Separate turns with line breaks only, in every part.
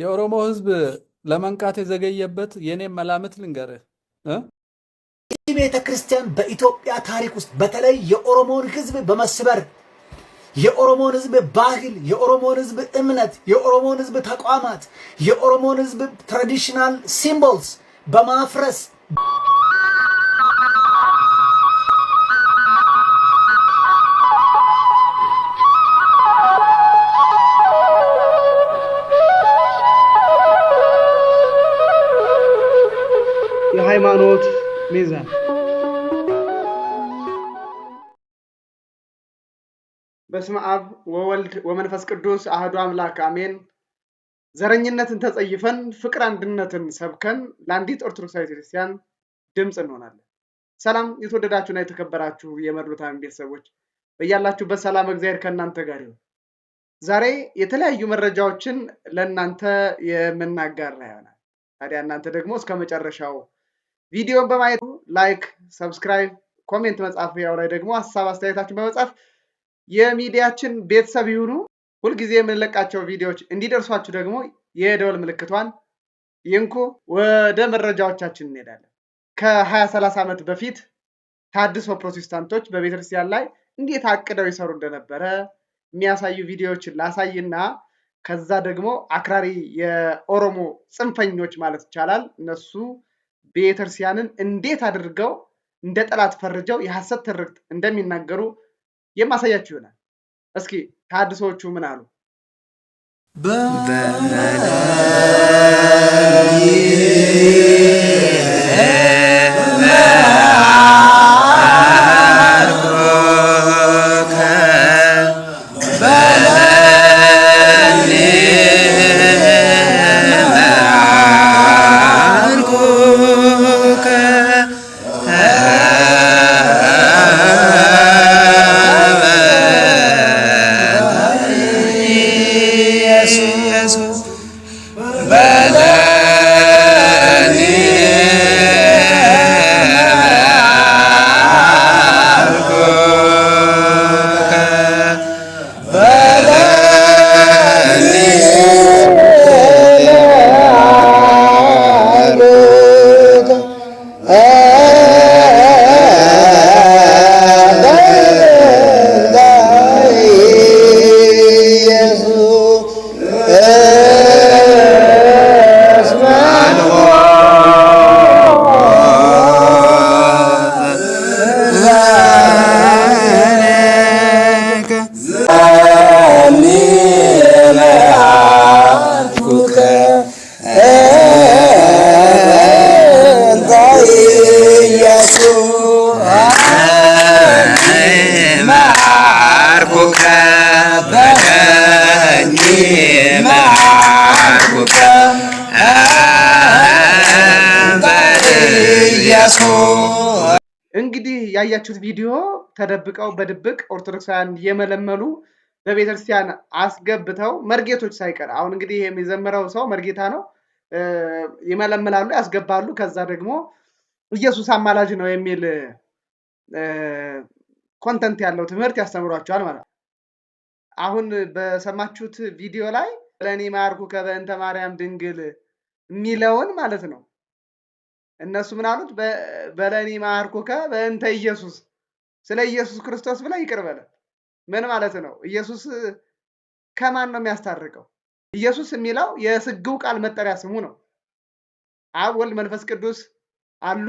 የኦሮሞ ህዝብ ለመንቃት የዘገየበት የኔ መላምት ልንገርህ።
ቤተ ክርስቲያን በኢትዮጵያ ታሪክ ውስጥ በተለይ የኦሮሞን ህዝብ በመስበር የኦሮሞን ህዝብ ባህል፣ የኦሮሞን ህዝብ እምነት፣ የኦሮሞን ህዝብ ተቋማት፣ የኦሮሞን ህዝብ ትራዲሽናል ሲምቦልስ በማፍረስ
ሚዛን በስመ አብ ወወልድ ወመንፈስ ቅዱስ አህዱ አምላክ አሜን። ዘረኝነትን ተጸይፈን ፍቅር አንድነትን ሰብከን ለአንዲት ኦርቶዶክሳዊ ቤተክርስቲያን ድምፅ እንሆናለን። ሰላም የተወደዳችሁና የተከበራችሁ የመርዶታን ቤተሰቦች በያላችሁበት ሰላም እግዚአብሔር ከእናንተ ጋር ይሁን። ዛሬ የተለያዩ መረጃዎችን ለእናንተ የምናጋራ ይሆናል። ታዲያ እናንተ ደግሞ እስከ መጨረሻው ቪዲዮን በማየቱ ላይክ፣ ሰብስክራይብ፣ ኮሜንት ያው ላይ ደግሞ ሀሳብ አስተያየታችን በመጻፍ የሚዲያችን ቤተሰብ ይሁኑ። ሁልጊዜ የምንለቃቸው ቪዲዮዎች እንዲደርሷችሁ ደግሞ የደወል ምልክቷን ይንኩ። ወደ መረጃዎቻችን እንሄዳለን። ከሀያ ሰላሳ ዓመት በፊት ታድሶ ፕሮቴስታንቶች በቤተክርስቲያን ላይ እንዴት አቅደው ይሰሩ እንደነበረ የሚያሳዩ ቪዲዮዎችን ላሳይና ከዛ ደግሞ አክራሪ የኦሮሞ ጽንፈኞች ማለት ይቻላል እነሱ ቤተክርስቲያንን እንዴት አድርገው እንደ ጠላት ፈርጀው የሐሰት ትርክት እንደሚናገሩ የማሳያችሁ ይሆናል። እስኪ ተሐድሶዎቹ ምን አሉ? É. ባያችሁት ቪዲዮ ተደብቀው በድብቅ ኦርቶዶክሳውያን እየመለመሉ በቤተክርስቲያን አስገብተው መርጌቶች ሳይቀር አሁን እንግዲህ የሚዘምረው ሰው መርጌታ ነው፣ ይመለምላሉ፣ ያስገባሉ። ከዛ ደግሞ ኢየሱስ አማላጅ ነው የሚል ኮንተንት ያለው ትምህርት ያስተምሯቸዋል ማለት ነው። አሁን በሰማችሁት ቪዲዮ ላይ ለእኔ ማርኩ ከበእንተ ማርያም ድንግል የሚለውን ማለት ነው እነሱ ምን አሉት? በለኒ ማርኩከ በእንተ ኢየሱስ፣ ስለ ኢየሱስ ክርስቶስ ብለህ ይቅር በለ። ምን ማለት ነው? ኢየሱስ ከማን ነው የሚያስታርቀው? ኢየሱስ የሚለው የስግው ቃል መጠሪያ ስሙ ነው። አብ፣ ወልድ፣ መንፈስ ቅዱስ አሉ።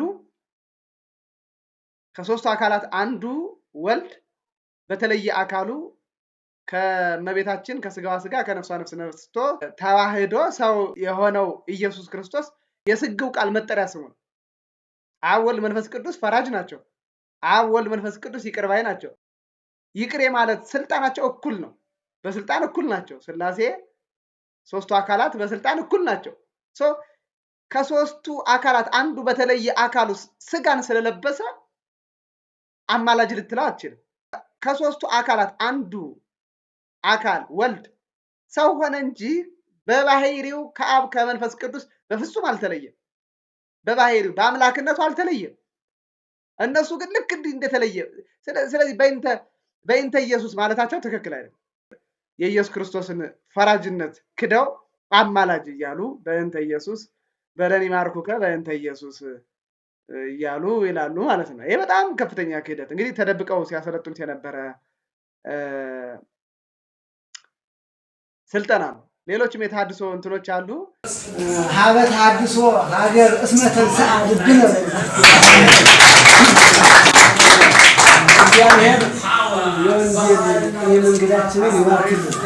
ከሶስቱ አካላት አንዱ ወልድ በተለየ አካሉ ከመቤታችን ከስጋዋ ስጋ ከነፍሷ ነፍስ ነስቶ ተዋህዶ ሰው የሆነው ኢየሱስ ክርስቶስ የስግው ቃል መጠሪያ ስሙ ነው። አብ ወልድ መንፈስ ቅዱስ ፈራጅ ናቸው። አብ ወልድ መንፈስ ቅዱስ ይቅር ባይ ናቸው። ይቅሬ ማለት ስልጣናቸው እኩል ነው። በስልጣን እኩል ናቸው። ስላሴ ሶስቱ አካላት በስልጣን እኩል ናቸው። ከሶስቱ አካላት አንዱ በተለየ አካሉ ስጋን ስለለበሰ አማላጅ ልትለው አትችልም። ከሶስቱ አካላት አንዱ አካል ወልድ ሰው ሆነ እንጂ በባህሪው ከአብ ከመንፈስ ቅዱስ በፍጹም አልተለየም። በባህሪው በአምላክነቱ አልተለየም። እነሱ ግን ልክ እንዲህ እንደተለየ ስለዚህ በይንተ ኢየሱስ ማለታቸው ትክክል አይደለም። የኢየሱስ ክርስቶስን ፈራጅነት ክደው አማላጅ እያሉ በእንተ ኢየሱስ በለኒ ማርኩከ በእንተ ኢየሱስ እያሉ ይላሉ ማለት ነው። ይህ በጣም ከፍተኛ ክህደት እንግዲህ ተደብቀው ሲያሰለጥኑት የነበረ ስልጠና ነው። ሌሎችም የተሃድሶ እንትኖች አሉ። ሀበ ተሃድሶ ሀገር እስመትን ተንሥአ ልብነ እግዚአብሔር የመንገዳችንን ይባርክልን፣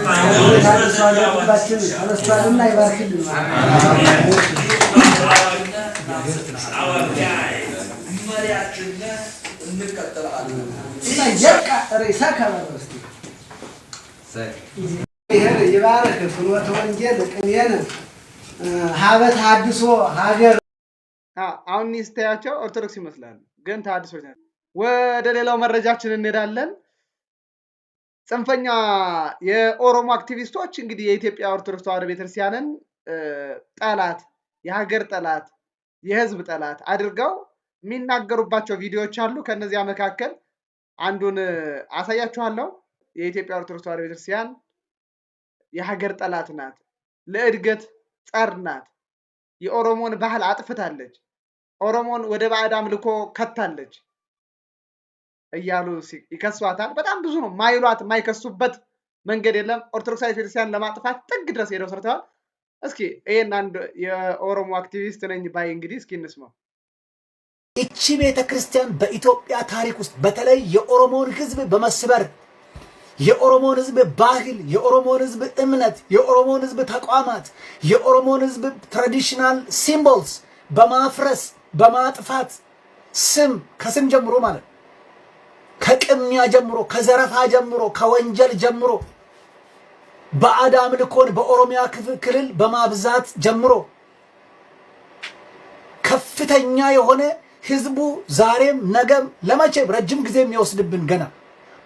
ተሃድሶ ተነስቷልና ይባርክልን። እንቀጥላለን። ይባርክ ፍኖተ ወንጌል ቅኔን ሀበት አድሶ ሀገር አሁን ስታያቸው ኦርቶዶክስ ይመስላሉ፣ ግን ተሐድሶች ናቸው። ወደ ሌላው መረጃችን እንሄዳለን። ጽንፈኛ የኦሮሞ አክቲቪስቶች እንግዲህ የኢትዮጵያ ኦርቶዶክስ ተዋሕዶ ቤተክርስቲያንን ጠላት፣ የሀገር ጠላት፣ የህዝብ ጠላት አድርገው የሚናገሩባቸው ቪዲዮዎች አሉ። ከእነዚያ መካከል አንዱን አሳያችኋለሁ። የኢትዮጵያ ኦርቶዶክስ ተዋሕዶ ቤተክርስቲያን የሀገር ጠላት ናት፣ ለእድገት ጸር ናት። የኦሮሞን ባህል አጥፍታለች፣ ኦሮሞን ወደ ባዕድ አምልኮ ከታለች እያሉ ይከሷታል። በጣም ብዙ ነው ማይሏት፣ የማይከሱበት መንገድ የለም። ኦርቶዶክሳዊ ቤተክርስቲያን ለማጥፋት ጥግ ድረስ ሄደው ሰርተዋል። እስኪ ይህን አንድ የኦሮሞ አክቲቪስት ነኝ ባይ እንግዲህ እስኪ እንስማው።
ይቺ ቤተ በኢትዮጵያ ታሪክ ውስጥ በተለይ የኦሮሞን ህዝብ በመስበር የኦሮሞን ህዝብ ባህል፣ የኦሮሞን ህዝብ እምነት፣ የኦሮሞን ህዝብ ተቋማት፣ የኦሮሞን ህዝብ ትራዲሽናል ሲምቦልስ በማፍረስ በማጥፋት ስም ከስም ጀምሮ ማለት ከቅሚያ ጀምሮ ከዘረፋ ጀምሮ ከወንጀል ጀምሮ ባዕድ አምልኮን በኦሮሚያ ክልል በማብዛት ጀምሮ ከፍተኛ የሆነ ህዝቡ ዛሬም ነገም ለመቼም ረጅም ጊዜ የሚወስድብን ገና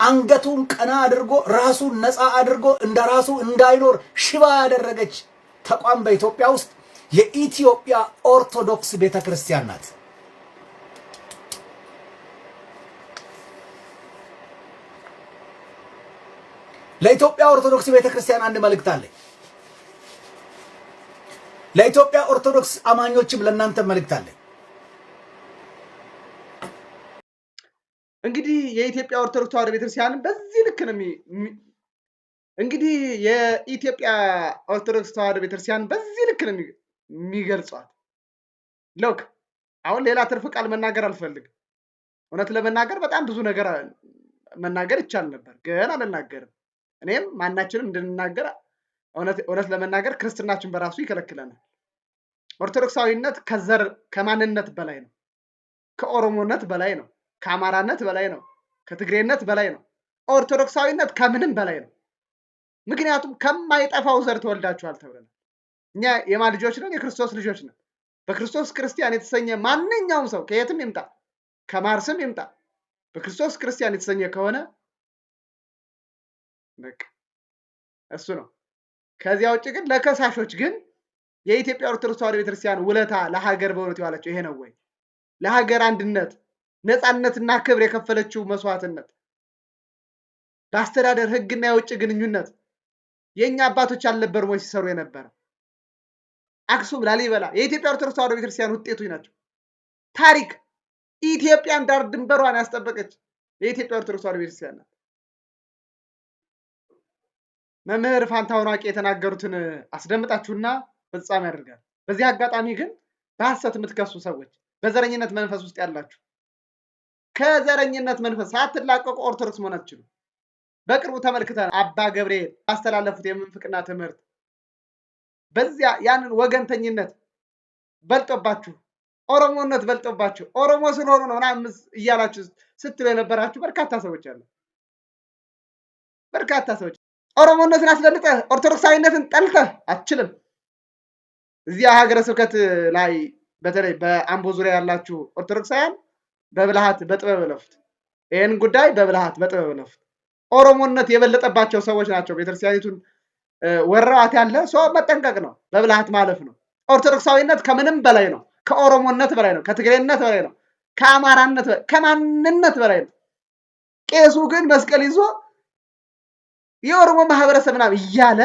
አንገቱን ቀና አድርጎ ራሱን ነፃ አድርጎ እንደ ራሱ እንዳይኖር ሽባ ያደረገች ተቋም በኢትዮጵያ ውስጥ የኢትዮጵያ ኦርቶዶክስ ቤተ ክርስቲያን ናት። ለኢትዮጵያ ኦርቶዶክስ ቤተ ክርስቲያን አንድ መልእክት አለኝ። ለኢትዮጵያ ኦርቶዶክስ አማኞችም ለእናንተ መልእክት አለኝ።
እንግዲህ የኢትዮጵያ ኦርቶዶክስ ተዋሕዶ ቤተክርስቲያን በዚህ ልክ ነው እንግዲህ የኢትዮጵያ ኦርቶዶክስ ተዋሕዶ ቤተክርስቲያን በዚህ ልክ ነው የሚገልጿት። ሎክ አሁን ሌላ ትርፍ ቃል መናገር አልፈልግም። እውነት ለመናገር በጣም ብዙ ነገር መናገር ይቻል ነበር፣ ግን አልናገርም። እኔም ማናችንም እንድንናገር እውነት ለመናገር ክርስትናችን በራሱ ይከለክለናል። ኦርቶዶክሳዊነት ከዘር ከማንነት በላይ ነው፣ ከኦሮሞነት በላይ ነው። ከአማራነት በላይ ነው። ከትግሬነት በላይ ነው። ኦርቶዶክሳዊነት ከምንም በላይ ነው። ምክንያቱም ከማይጠፋው ዘር ተወልዳችኋል ተብለናል። እኛ የማ ልጆች ነን? የክርስቶስ ልጆች ነን። በክርስቶስ ክርስቲያን የተሰኘ ማንኛውም ሰው ከየትም ይምጣ ከማርስም ይምጣ በክርስቶስ ክርስቲያን የተሰኘ ከሆነ እሱ ነው። ከዚያ ውጭ ግን ለከሳሾች ግን የኢትዮጵያ ኦርቶዶክስ ተዋሕዶ ቤተክርስቲያን ውለታ ለሀገር በእውነት የዋለችው ይሄ ነው ወይ? ለሀገር አንድነት ነፃነትና ክብር የከፈለችው መስዋዕትነት በአስተዳደር ህግና የውጭ ግንኙነት የእኛ አባቶች አልነበር ወይ ሲሰሩ የነበረ አክሱም፣ ላሊበላ የኢትዮጵያ ኦርቶዶክስ ተዋሕዶ ቤተክርስቲያን ውጤቶች ናቸው። ታሪክ ኢትዮጵያን ዳር ድንበሯን ያስጠበቀች የኢትዮጵያ ኦርቶዶክስ ተዋሕዶ ቤተክርስቲያን ናት። መምህር ፋንታሁን ዋቂ የተናገሩትን አስደምጣችሁና ፍጻሜ ያደርጋል። በዚህ አጋጣሚ ግን በሀሰት የምትከሱ ሰዎች፣ በዘረኝነት መንፈስ ውስጥ ያላችሁ ከዘረኝነት መንፈስ ሳትላቀቁ ኦርቶዶክስ መሆን አትችሉ። በቅርቡ ተመልክተን አባ ገብርኤል ባስተላለፉት የምንፍቅና ትምህርት በዚያ ያንን ወገንተኝነት በልጦባችሁ ኦሮሞነት በልጦባችሁ ኦሮሞ ስለሆኑ ነው ምናምን እያላችሁ ስትሉ የነበራችሁ በርካታ ሰዎች አሉ። በርካታ ሰዎች ኦሮሞነትን አስበልጠህ ኦርቶዶክሳዊነትን ጠልተህ አትችልም። እዚያ ሀገረ ስብከት ላይ በተለይ በአምቦ ዙሪያ ያላችሁ ኦርቶዶክሳውያን በብልሃት በጥበብ ለፉት። ይህን ጉዳይ በብልሃት በጥበብ ለፉት። ኦሮሞነት የበለጠባቸው ሰዎች ናቸው። ቤተክርስቲያኒቱን ወረዋት ያለ ሰው መጠንቀቅ ነው፣ በብልሃት ማለፍ ነው። ኦርቶዶክሳዊነት ከምንም በላይ ነው። ከኦሮሞነት በላይ ነው። ከትግሬነት በላይ ነው። ከአማራነት ከማንነት በላይ ነው። ቄሱ ግን መስቀል ይዞ የኦሮሞ ማህበረሰብ ምናምን እያለ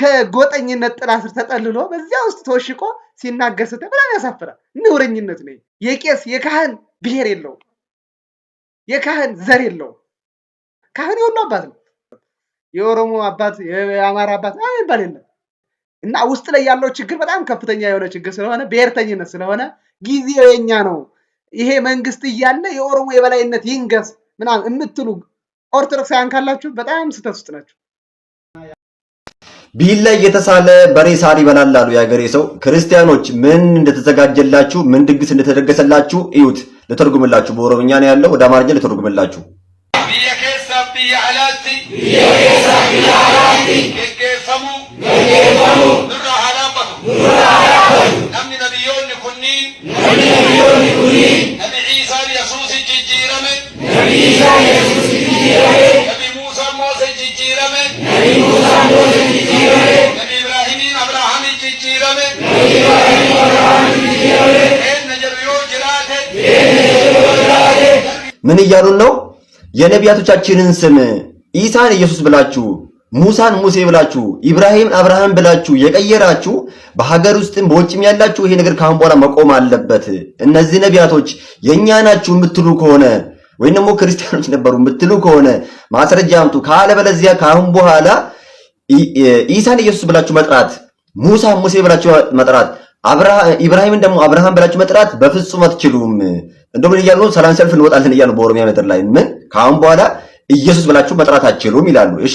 ከጎጠኝነት ጥላ ስር ተጠልሎ በዚያ ውስጥ ተወሽቆ ሲናገር ስታይ በጣም ያሳፍራል። ነውረኝነት ነው። የቄስ የካህን ብሔር የለው፣ የካህን ዘር የለው። ካህን የሁሉ አባት ነው። የኦሮሞ አባት፣ የአማራ አባት የሚባል የለም። እና ውስጥ ላይ ያለው ችግር በጣም ከፍተኛ የሆነ ችግር ስለሆነ ብሔርተኝነት ስለሆነ ጊዜ የኛ ነው፣ ይሄ መንግስት እያለ የኦሮሞ የበላይነት ይንገስ ምናምን የምትሉ ኦርቶዶክሳውያን ካላችሁ በጣም ስህተት ውስጥ ናቸው።
ቢል ላይ የተሳለ በሬ ሳር ይበላል አሉ የሀገሬ ሰው። ክርስቲያኖች ምን እንደተዘጋጀላችሁ ምን ድግስ እንደተደገሰላችሁ እዩት። ልተርጉምላችሁ፣ በኦሮምኛ ነው ያለው፣ ወደ አማርኛ ልተርጉምላችሁ። ምን እያሉን ነው? የነቢያቶቻችንን ስም ኢሳን ኢየሱስ ብላችሁ ሙሳን ሙሴ ብላችሁ ኢብራሂምን አብርሃም ብላችሁ የቀየራችሁ በሀገር ውስጥም በውጭም ያላችሁ ይሄ ነገር ከአሁን በኋላ መቆም አለበት። እነዚህ ነቢያቶች የእኛ ናችሁ የምትሉ ከሆነ ወይም ደግሞ ክርስቲያኖች ነበሩ የምትሉ ከሆነ ማስረጃ አምጡ። ካለበለዚያ ከአሁን በኋላ ኢሳን ኢየሱስ ብላችሁ መጥራት፣ ሙሳ ሙሴ ብላችሁ መጥራት ኢብራሂምን ደግሞ አብርሃም ብላችሁ መጥራት በፍጹም አትችሉም። እንደምን ምን እያሉ ሰላም ሰልፍ እንወጣለን እያሉ በኦሮሚያ ምድር ላይ ምን ከአሁን በኋላ ኢየሱስ ብላችሁ መጥራት አትችሉም ይላሉ። እሺ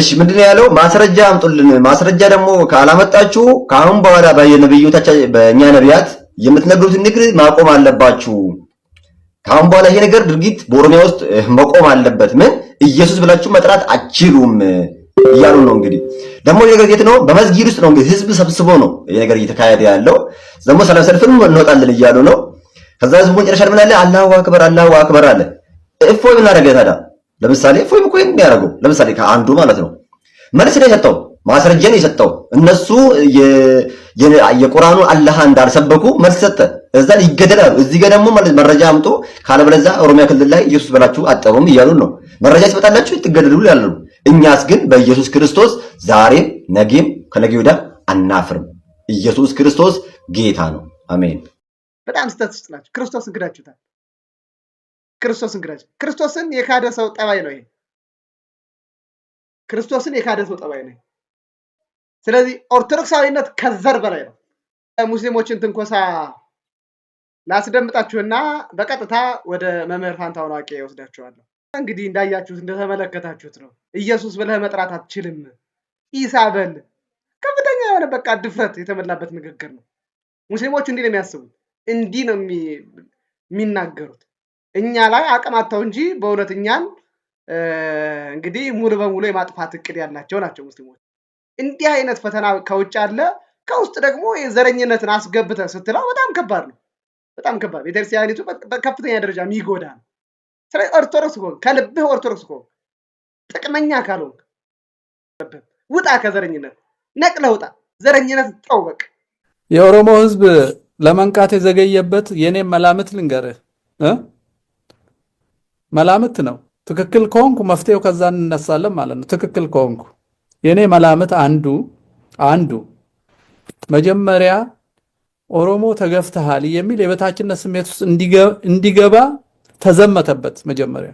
እሺ ምንድነው ያለው? ማስረጃ አምጡልን። ማስረጃ ደግሞ ካላመጣችሁ ከአሁን በኋላ በነብዩታች በእኛ ነቢያት የምትነግሩትን ንግር ማቆም አለባችሁ። ከአሁን በኋላ ይሄ ነገር ድርጊት በኦሮሚያ ውስጥ መቆም አለበት። ምን ኢየሱስ ብላችሁ መጥራት አችሉም እያሉ ነው። እንግዲህ ደግሞ ይሄ ነገር ነው፣ በመስጊድ ውስጥ ነው እንግዲህ ህዝብ ሰብስቦ ነው ይሄ ነገር እየተካሄደ ያለው። ደግሞ ሰላም ሰልፍም እንወጣለን እያሉ ነው። ከዛ ህዝቡ መጨረሻ ምን አለ? አላሁ አክበር አላሁ አክበር አለ። እፎይ ምን አደረገ ታዲያ ለምሳሌ ፎይም እኮ የሚያደርገው ለምሳሌ ከአንዱ ማለት ነው መልስ ነው የሰጠው፣ ማስረጃ ነው የሰጠው። እነሱ የቁርአኑን አላህ እንዳልሰበኩ መልስ ሰጠ። እዛ ይገደላሉ። እዚህ ጋር ደግሞ መረጃ አምጡ፣ ካለበለዚያ ኦሮሚያ ክልል ላይ ኢየሱስ በላችሁ አጠሩም እያሉ ነው። መረጃ ሲመጣላችሁ ይትገደሉ ያሉ። እኛስ ግን በኢየሱስ ክርስቶስ ዛሬም ነገም ከነገ ወዲያ አናፍርም። ኢየሱስ ክርስቶስ ጌታ ነው። አሜን።
በጣም ስህተት ውስጥ ናቸው። ክርስቶስ እንግዳችሁታል። ክርስቶስን ግለጽ። ክርስቶስን የካደ ሰው ጠባይ ነው ይሄ። ክርስቶስን የካደ ሰው ጠባይ ነው። ስለዚህ ኦርቶዶክሳዊነት ከዘር በላይ ነው። ሙስሊሞችን ትንኮሳ ላስደምጣችሁና በቀጥታ ወደ መምህር ፋንታሁን ዋቄ ይወስዳችኋለሁ። እንግዲህ እንዳያችሁት እንደተመለከታችሁት ነው። ኢየሱስ ብለህ መጥራት አትችልም። ኢሳ በል። ከፍተኛ የሆነ በቃ ድፍረት የተሞላበት ንግግር ነው። ሙስሊሞቹ እንዲህ ነው የሚያስቡት፣ እንዲህ ነው የሚናገሩት። እኛ ላይ አቅም አጥተው እንጂ በእውነት እኛን እንግዲህ ሙሉ በሙሉ የማጥፋት እቅድ ያላቸው ናቸው ሙስሊሞች። እንዲህ አይነት ፈተና ከውጭ አለ፣ ከውስጥ ደግሞ የዘረኝነትን አስገብተ ስትለው በጣም ከባድ ነው። በጣም ከባድ ቤተክርስቲያኒቱ በከፍተኛ ደረጃ የሚጎዳ ነው። ስለዚህ ኦርቶዶክስ ከሆንክ ከልብህ ኦርቶዶክስ ከሆንክ ጥቅመኛ ካልሆንክ ውጣ፣ ከዘረኝነት ነቅለ ውጣ፣ ዘረኝነት ጠው በቃ የኦሮሞ ህዝብ ለመንቃት የዘገየበት የኔም መላምት ልንገርህ መላምት ነው። ትክክል ከሆንኩ መፍትሄው ከዛ እንነሳለን ማለት ነው። ትክክል ከሆንኩ የኔ መላምት አንዱ አንዱ መጀመሪያ ኦሮሞ ተገፍተሃል የሚል የበታችነት ስሜት ውስጥ እንዲገባ ተዘመተበት። መጀመሪያ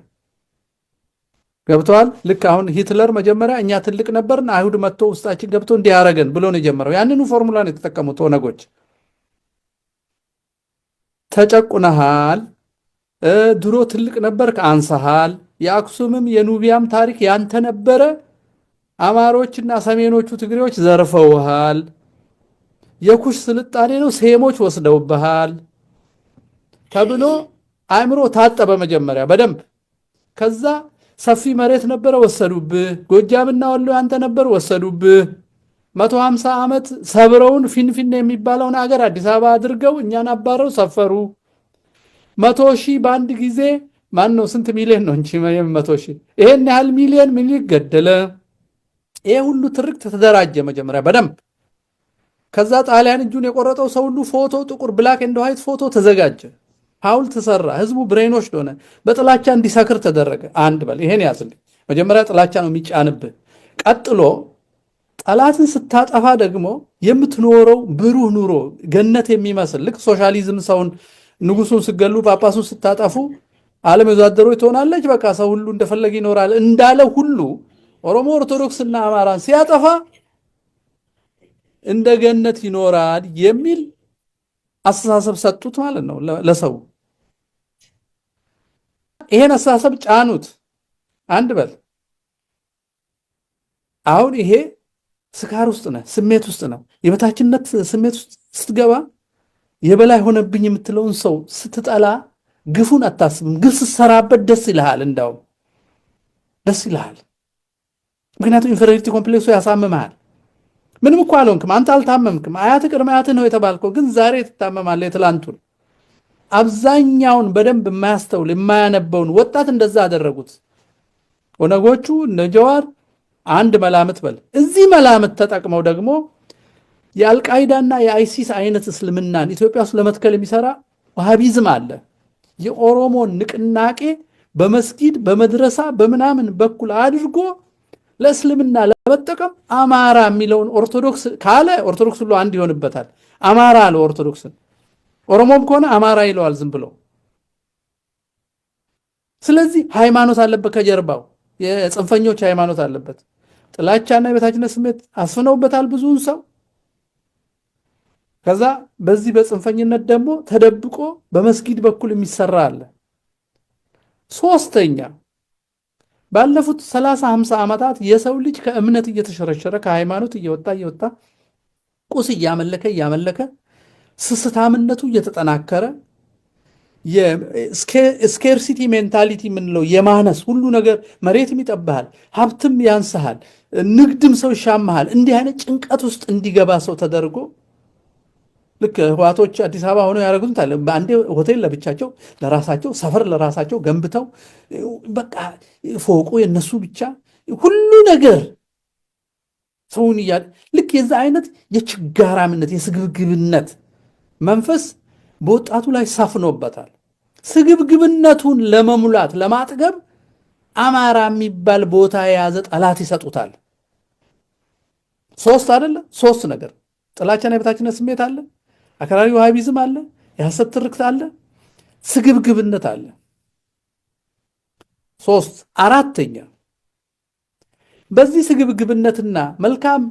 ገብተዋል። ልክ አሁን ሂትለር መጀመሪያ እኛ ትልቅ ነበርን፣ አይሁድ መጥቶ ውስጣችን ገብቶ እንዲያረገን ብሎ ነው የጀመረው። ያንኑ ፎርሙላ ነው የተጠቀሙት ኦነጎች። ተጨቁነሃል ድሮ ትልቅ ነበርክ አንሰሃል። የአክሱምም የኑቢያም ታሪክ ያንተ ነበረ። አማሮችና ሰሜኖቹ ትግሬዎች ዘርፈውሃል። የኩሽ ስልጣኔ ነው፣ ሴሞች ወስደውብሃል ተብሎ አእምሮ ታጠበ መጀመሪያ በደንብ ከዛ ሰፊ መሬት ነበረ፣ ወሰዱብህ። ጎጃምና ወሎ ያንተ ነበር፣ ወሰዱብህ። መቶ ሀምሳ ዓመት ሰብረውን ፊንፊን የሚባለውን አገር አዲስ አበባ አድርገው እኛን አባረው ሰፈሩ። መቶ ሺህ በአንድ ጊዜ ማን ነው? ስንት ሚሊዮን ነው እንጂ መቶ ሺህ ይሄን ያህል ሚሊዮን ሚሊዮን ገደለ። ይሄ ሁሉ ትርክት ተደራጀ መጀመሪያ በደንብ ከዛ ጣሊያን እጁን የቆረጠው ሰው ሁሉ ፎቶ ጥቁር ብላክ ኤንድ ዋይት ፎቶ ተዘጋጀ፣ ሐውልት ተሰራ። ህዝቡ ብሬኖች ሆነ፣ በጥላቻ እንዲሰክር ተደረገ። አንድ በል ይሄን ያዝልኝ። መጀመሪያ ጥላቻ ነው የሚጫንብህ። ቀጥሎ ጠላትን ስታጠፋ ደግሞ የምትኖረው ብሩህ ኑሮ ገነት የሚመስል ልክ ሶሻሊዝም ሰውን ንጉሱን ስገሉ ጳጳሱን ስታጠፉ ዓለም የዛደሮች ትሆናለች፣ በቃ ሰው ሁሉ እንደፈለገ ይኖራል እንዳለ ሁሉ ኦሮሞ ኦርቶዶክስና አማራን ሲያጠፋ እንደ ገነት ይኖራል የሚል አስተሳሰብ ሰጡት ማለት ነው ለሰው። ይሄን አስተሳሰብ ጫኑት አንድ በል። አሁን ይሄ ስካር ውስጥ ነህ፣ ስሜት ውስጥ ነው፣ የበታችነት ስሜት ውስጥ ስትገባ የበላይ ሆነብኝ የምትለውን ሰው ስትጠላ ግፉን አታስብም። ግፍ ስትሰራበት ደስ ይልሃል፣ እንዳውም ደስ ይልሃል። ምክንያቱም ኢንፌሪቲ ኮምፕሌክሱ ያሳምመሃል። ምንም እኮ አልሆንክም፣ አንተ አልታመምክም። አያት ቅድመ አያት ነው የተባልከው፣ ግን ዛሬ ትታመማለህ። የትላንቱን አብዛኛውን በደንብ የማያስተውል የማያነበውን ወጣት እንደዛ አደረጉት ኦነጎቹ እነ ጀዋር አንድ መላምት በል እዚህ መላምት ተጠቅመው ደግሞ የአልቃይዳና የአይሲስ አይነት እስልምናን ኢትዮጵያ ውስጥ ለመትከል የሚሰራ ዋሃቢዝም አለ። የኦሮሞ ንቅናቄ በመስጊድ በመድረሳ በምናምን በኩል አድርጎ ለእስልምና ለመጠቀም አማራ የሚለውን ኦርቶዶክስ ካለ ኦርቶዶክስ ሁሉ አንድ ይሆንበታል። አማራ አለ ኦርቶዶክስን፣ ኦሮሞም ከሆነ አማራ ይለዋል ዝም ብለው። ስለዚህ ሃይማኖት አለበት ከጀርባው የጽንፈኞች ሃይማኖት አለበት። ጥላቻና የበታችነት ስሜት አስፍነውበታል ብዙውን ሰው ከዛ በዚህ በጽንፈኝነት ደግሞ ተደብቆ በመስጊድ በኩል የሚሰራ አለ። ሶስተኛ ባለፉት 30 50 ዓመታት የሰው ልጅ ከእምነት እየተሸረሸረ ከሃይማኖት እየወጣ እየወጣ ቁስ እያመለከ እያመለከ ስስታምነቱ እየተጠናከረ ስኬርሲቲ ሜንታሊቲ የምንለው የማነስ ሁሉ ነገር መሬትም ይጠብሃል፣ ሀብትም ያንስሃል፣ ንግድም ሰው ይሻመሃል። እንዲህ አይነት ጭንቀት ውስጥ እንዲገባ ሰው ተደርጎ ልክ ህዋቶች አዲስ አበባ ሆነው ያደረጉት አለ። በአንዴ ሆቴል ለብቻቸው ለራሳቸው ሰፈር ለራሳቸው ገንብተው በቃ ፎቁ የነሱ ብቻ ሁሉ ነገር ሰውን እያ ልክ የዛ አይነት የችጋራምነት የስግብግብነት መንፈስ በወጣቱ ላይ ሰፍኖበታል። ስግብግብነቱን ለመሙላት ለማጥገብ አማራ የሚባል ቦታ የያዘ ጠላት ይሰጡታል። ሶስት አይደለ ሶስት ነገር ጥላቻና የበታችነት ስሜት አለ። አካላዊ ዋሃቢዝም አለ፣ የሐሰት ትርክት አለ፣ ስግብግብነት አለ። ሶስት አራተኛ በዚህ ስግብግብነትና መልካም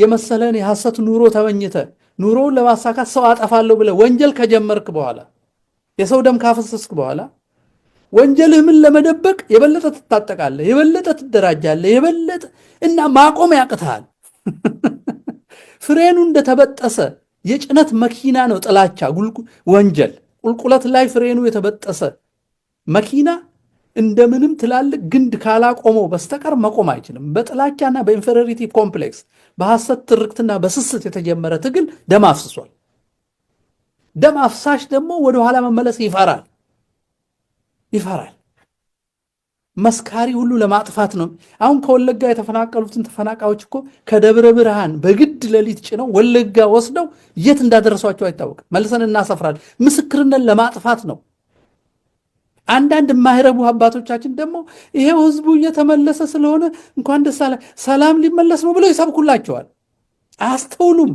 የመሰለን የሐሰት ኑሮ ተመኝተ ኑሮውን ለማሳካት ሰው አጠፋለሁ ብለ ወንጀል ከጀመርክ በኋላ የሰው ደም ካፈሰስክ በኋላ ወንጀልህ ምን ለመደበቅ የበለጠ ትታጠቃለህ፣ የበለጠ ትደራጃለህ፣ የበለጠ እና ማቆም ያቅትሃል ፍሬኑ እንደተበጠሰ የጭነት መኪና ነው ጥላቻ ወንጀል። ቁልቁለት ላይ ፍሬኑ የተበጠሰ መኪና እንደምንም ትላልቅ ግንድ ካላቆመው በስተቀር መቆም አይችልም። በጥላቻና በኢንፌሪቲ ኮምፕሌክስ በሐሰት ትርክትና በስስት የተጀመረ ትግል ደም አፍስሷል። ደም አፍሳሽ ደግሞ ወደኋላ መመለስ ይፈራል ይፈራል። መስካሪ ሁሉ ለማጥፋት ነው። አሁን ከወለጋ የተፈናቀሉትን ተፈናቃዮች እኮ ከደብረ ብርሃን በግድ ሌሊት ጭነው ወለጋ ወስደው የት እንዳደረሷቸው አይታወቅም። መልሰን እናሰፍራለን። ምስክርነት ለማጥፋት ነው። አንዳንድ የማይረቡ አባቶቻችን ደግሞ ይሄው ህዝቡ እየተመለሰ ስለሆነ እንኳን ደስ አለ ሰላም ሊመለስ ነው ብለው ይሰብኩላቸዋል። አያስተውሉም።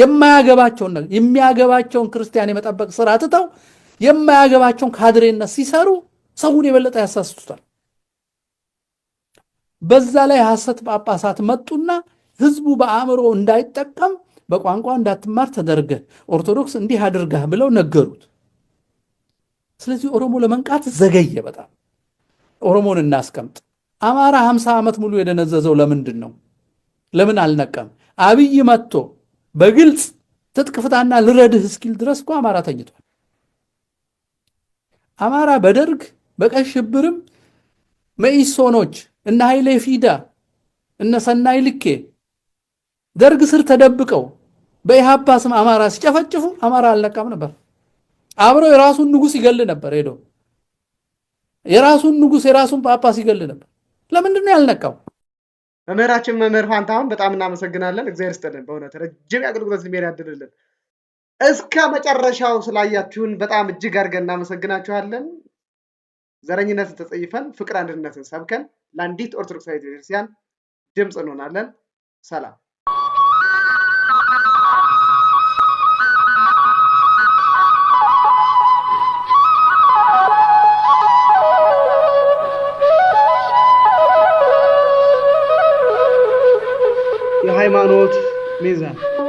የማያገባቸውን ነገር የሚያገባቸውን ክርስቲያን የመጠበቅ ስራ ትተው የማያገባቸውን ካድሬነት ሲሰሩ ሰውን የበለጠ ያሳስቱታል። በዛ ላይ ሐሰት ጳጳሳት መጡና ህዝቡ በአእምሮ እንዳይጠቀም በቋንቋ እንዳትማር ተደርገ ኦርቶዶክስ እንዲህ አድርጋህ ብለው ነገሩት። ስለዚህ ኦሮሞ ለመንቃት ዘገየ። በጣም ኦሮሞን እናስቀምጥ። አማራ ሀምሳ ዓመት ሙሉ የደነዘዘው ለምንድን ነው? ለምን አልነቀም? አብይ መጥቶ በግልጽ ትጥቅ ፍታና ልረድህ እስኪል ድረስ እኮ አማራ ተኝቷል። አማራ በደርግ በቀይ ሽብርም መኢሶኖች እነ ኃይሌ ፊዳ እነ ሰናይ ልኬ ደርግ ስር ተደብቀው በኢሃፓ ስም አማራ ሲጨፈጭፉ አማራ አልነቃም ነበር። አብረው የራሱን ንጉስ ይገል ነበር። ሄዶ የራሱን ንጉሥ የራሱን ጳጳስ ይገል ነበር። ለምንድን ነው ያልነቃው? መምህራችን መምህር ፋንታሁን በጣም እናመሰግናለን። እግዚአብሔር ይስጥልን። በእውነት ረጅም የአገልግሎት ዕድሜ ያድልልን። እስከ መጨረሻው ስላያችሁን በጣም እጅግ አድርገን እናመሰግናችኋለን። ዘረኝነትን ተጸይፈን ፍቅር አንድነትን ሰብከን ለአንዲት ኦርቶዶክሳዊ ቤተክርስቲያን ድምፅ እንሆናለን። ሰላም። የሃይማኖት ሚዛን